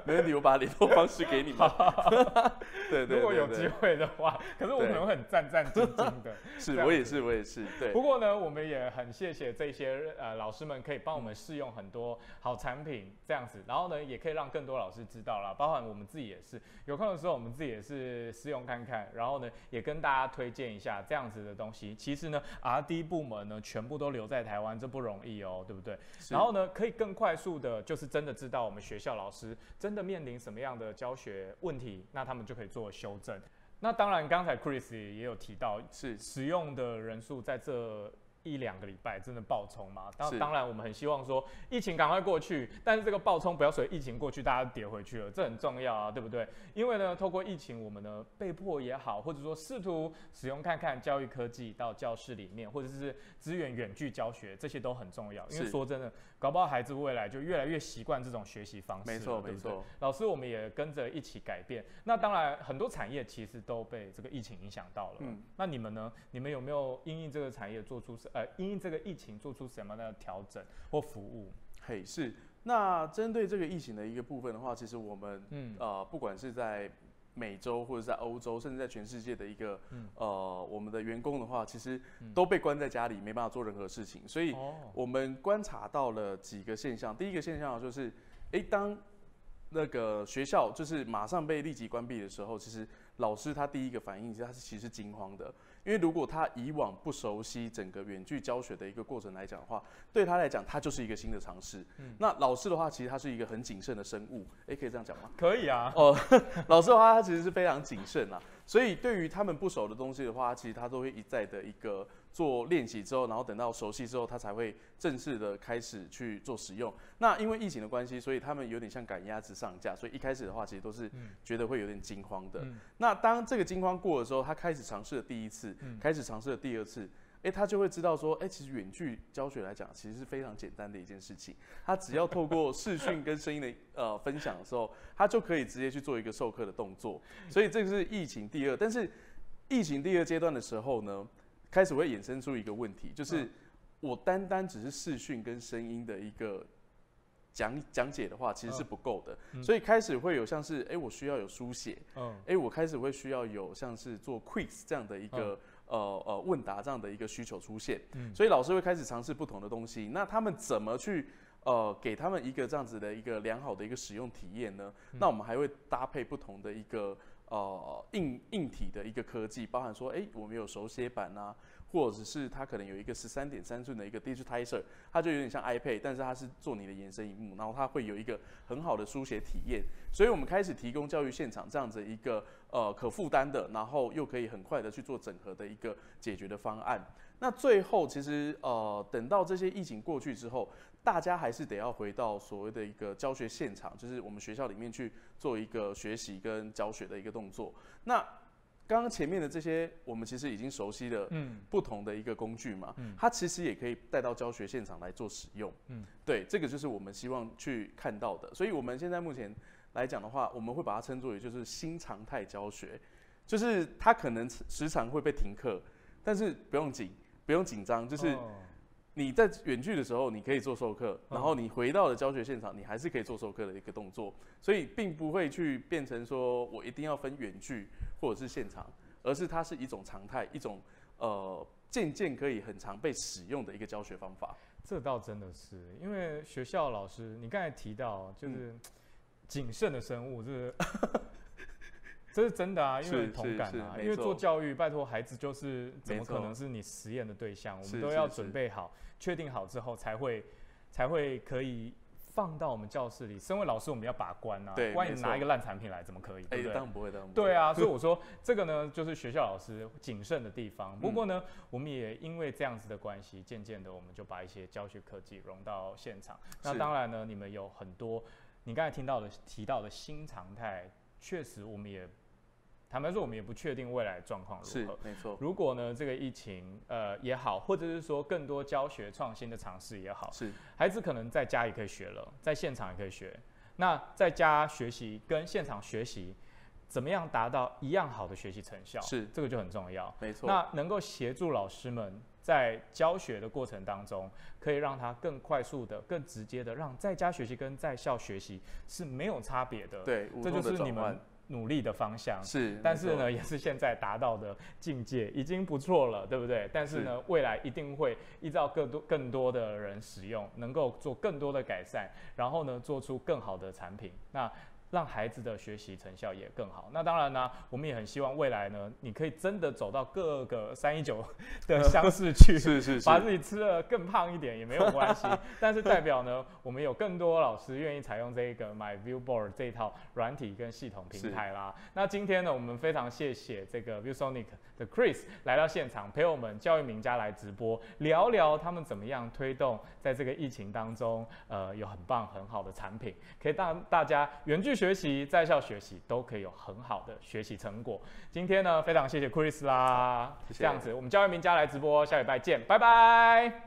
沒問題，我把聯絡方式給你們。好 [LAUGHS] 對，對，對對。如果有機會的話，可是我們很戰戰兢兢的。對 [LAUGHS] 是我也是，我也是。對。不過呢，我們也很謝謝這些呃老師們，可以幫我們試用很多好產品，嗯、這樣子，然後呢，也可以讓更多老師知道了，包括我們自己也是，有空的時候我們自己也是試用看看，然後呢，也跟大家推薦一下這樣子的東西，其實呢，R D 部門呢，全部都留在台灣，這不容易哦，對不對？是然後呢，可以更快速的，就是真的知道我們學校老師真的面臨什麼樣的教學問題，那他們就可以做修正。那當然，剛才 Chris 也有提到，是使用的人數在這。一兩個禮拜真的爆衝嗎？當，當然，是當然我們很希望說疫情趕快過去，但是這個爆衝不要隨疫情過去，大家跌回去了，這很重要啊，對不對？因為呢，透過疫情，我們呢被迫也好，或者說試圖使用看看教育科技到教室裡面，或者是資源遠距教學，這些都很重要。因為說真的。搞不好孩子未來就越來越習慣這種學習方式。沒錯，對對沒錯。老師，我們也跟着一起改變。那當然，很多產業其實都被這個疫情影響到了。嗯。那你們呢？你們有沒有因應這個產業做出什？呃，因應這個疫情做出什麼的調整或服務？嘿，是。那針對這個疫情的一個部分的話，其實我們，嗯，呃，不管是在。美洲或者在歐洲，甚至在全世界的一個，嗯、呃，我們的員工的話，其實都被關在家裡，嗯、沒辦法做任何事情，所以我們觀察到了幾個現象。哦、第一個現象就是，哎、欸，當那個學校就是馬上被立即關閉的時候，其實老師他第一個反應，他是其實驚慌的，因為如果他以往不熟悉整個遠距教學的一個過程來講的話，對他來講，他就是一個新的嘗試。嗯、那老師的話，其實他是一個很謹慎的生物，哎、欸，可以這樣講嗎？可以啊。哦，老師的話，他其實是非常謹慎啊，所以對於他們不熟的東西的話，其實他都會一再的一個。做練習之後，然後等到熟悉之後，他才會正式的開始去做使用。那因為疫情的關係，所以他們有點像趕鴨子上架，所以一開始的話，其實都是覺得會有點驚慌的。嗯、那當這個驚慌過的時候，他開始嘗試了第一次，嗯、開始嘗試了第二次，哎、欸，他就會知道說，哎、欸，其實遠距教學來講，其實是非常簡單的一件事情。他只要透過視訊跟聲音的 [LAUGHS] 呃分享的時候，他就可以直接去做一個授課的動作。所以這個是疫情第二，但是疫情第二階段的時候呢？開始會衍生出一個問題，就是我單單只是視訊跟聲音的一個講講解的話，其實是不夠的。嗯、所以開始會有像是，誒、欸，我需要有書寫，嗯、欸，我開始會需要有像是做 quiz 這樣的一個、嗯、呃呃問答這樣的一個需求出現。嗯、所以老師會開始嘗試不同的東西。那他們怎麼去呃給他們一個這樣子的一個良好的一個使用體驗呢？嗯、那我們還會搭配不同的一個。呃，硬硬體的一個科技，包含說，哎、欸，我們有手寫板吶、啊。或者是它可能有一個十三點三寸的一個 Digitizer，它就有點像 iPad，但是它是做你的延伸熒幕，然後它會有一個很好的書寫體驗。所以我們開始提供教育現場這樣子一個呃可負擔的，然後又可以很快的去做整合的一個解決的方案。那最後其實呃等到這些疫情過去之後，大家還是得要回到所謂的一個教學現場，就是我們學校裡面去做一個學習跟教學的一個動作。那剛剛前面的這些，我們其實已經熟悉了，嗯，不同的一個工具嘛，嗯，它其實也可以帶到教學現場來做使用，嗯，對，這個就是我們希望去看到的。所以我們現在目前來講的話，我們會把它稱作為就是新常態教學，就是它可能時常會被停課，但是不用緊，不用緊張，就是、哦。你在遠距的時候，你可以做授課，然後你回到了教學現場，你還是可以做授課的一個動作，所以並不會去變成說我一定要分遠距或者是現場，而是它是一種常態，一種呃漸漸可以很常被使用的一個教學方法。這倒真的是，因為學校老師，你剛才提到就是謹慎的生物是，是。嗯 [LAUGHS] 這是真的啊，因為同感啊，因為做教育，拜托孩子就是怎麼可能是你實驗的對象？錯我們都要準備好，確定好之後才會，才會可以放到我們教室裡。身為老師，我們要把關啊，萬一對拿一個爛產品來，欸、怎麼可以？對不對？哎、欸，當然不會，當然不會。對啊，所以我說 [LAUGHS] 這個呢，就是學校老師謹慎的地方。不過呢，嗯、我們也因為這樣子的關係，漸漸的我們就把一些教學科技融到現場。那當然呢，是你們有很多你剛才聽到的提到的新常態，確實我們也。坦白說，我們也不確定未來狀況如何。是，沒錯。如果呢，這個疫情呃也好，或者是說更多教學創新的嘗試也好，是，孩子可能在家也可以學了，在現場也可以學。那在家學習跟現場學習，怎麼樣達到一樣好的學習成效？是，這個就很重要。沒錯。那能夠協助老師們在教學的過程當中，可以讓他更快速的、更直接的，讓在家學習跟在校學習是沒有差別的。對，這就是你們。努力的方向是，那個、但是呢，也是現在達到的境界已經不錯了，對不對？但是呢，是未來一定會依照更多更多的人使用，能夠做更多的改善，然後呢，做出更好的產品。那。讓孩子的學習成效也更好。那當然呢，我們也很希望未來呢，你可以真的走到各個三一九的鄉市去， [LAUGHS] 是是是把自己吃得更胖一點也沒有關係。 [LAUGHS] 但是代表呢， [LAUGHS] 我們有更多老師願意採用這個 My ViewBoard 這一套軟體跟系統平台啦。是那今天呢，我們非常謝謝這個 ViewSonic 的 Chris 來到現場，陪我們教育名家來直播，聊聊他們怎麼樣推動在這個疫情當中，呃，有很棒很好的產品，可以讓大家遠距學習，在校學習都可以有很好的學習成果。今天呢，非常謝謝 Chris 啦，謝謝這樣子，我們教育名家來直播，下禮拜見，拜拜。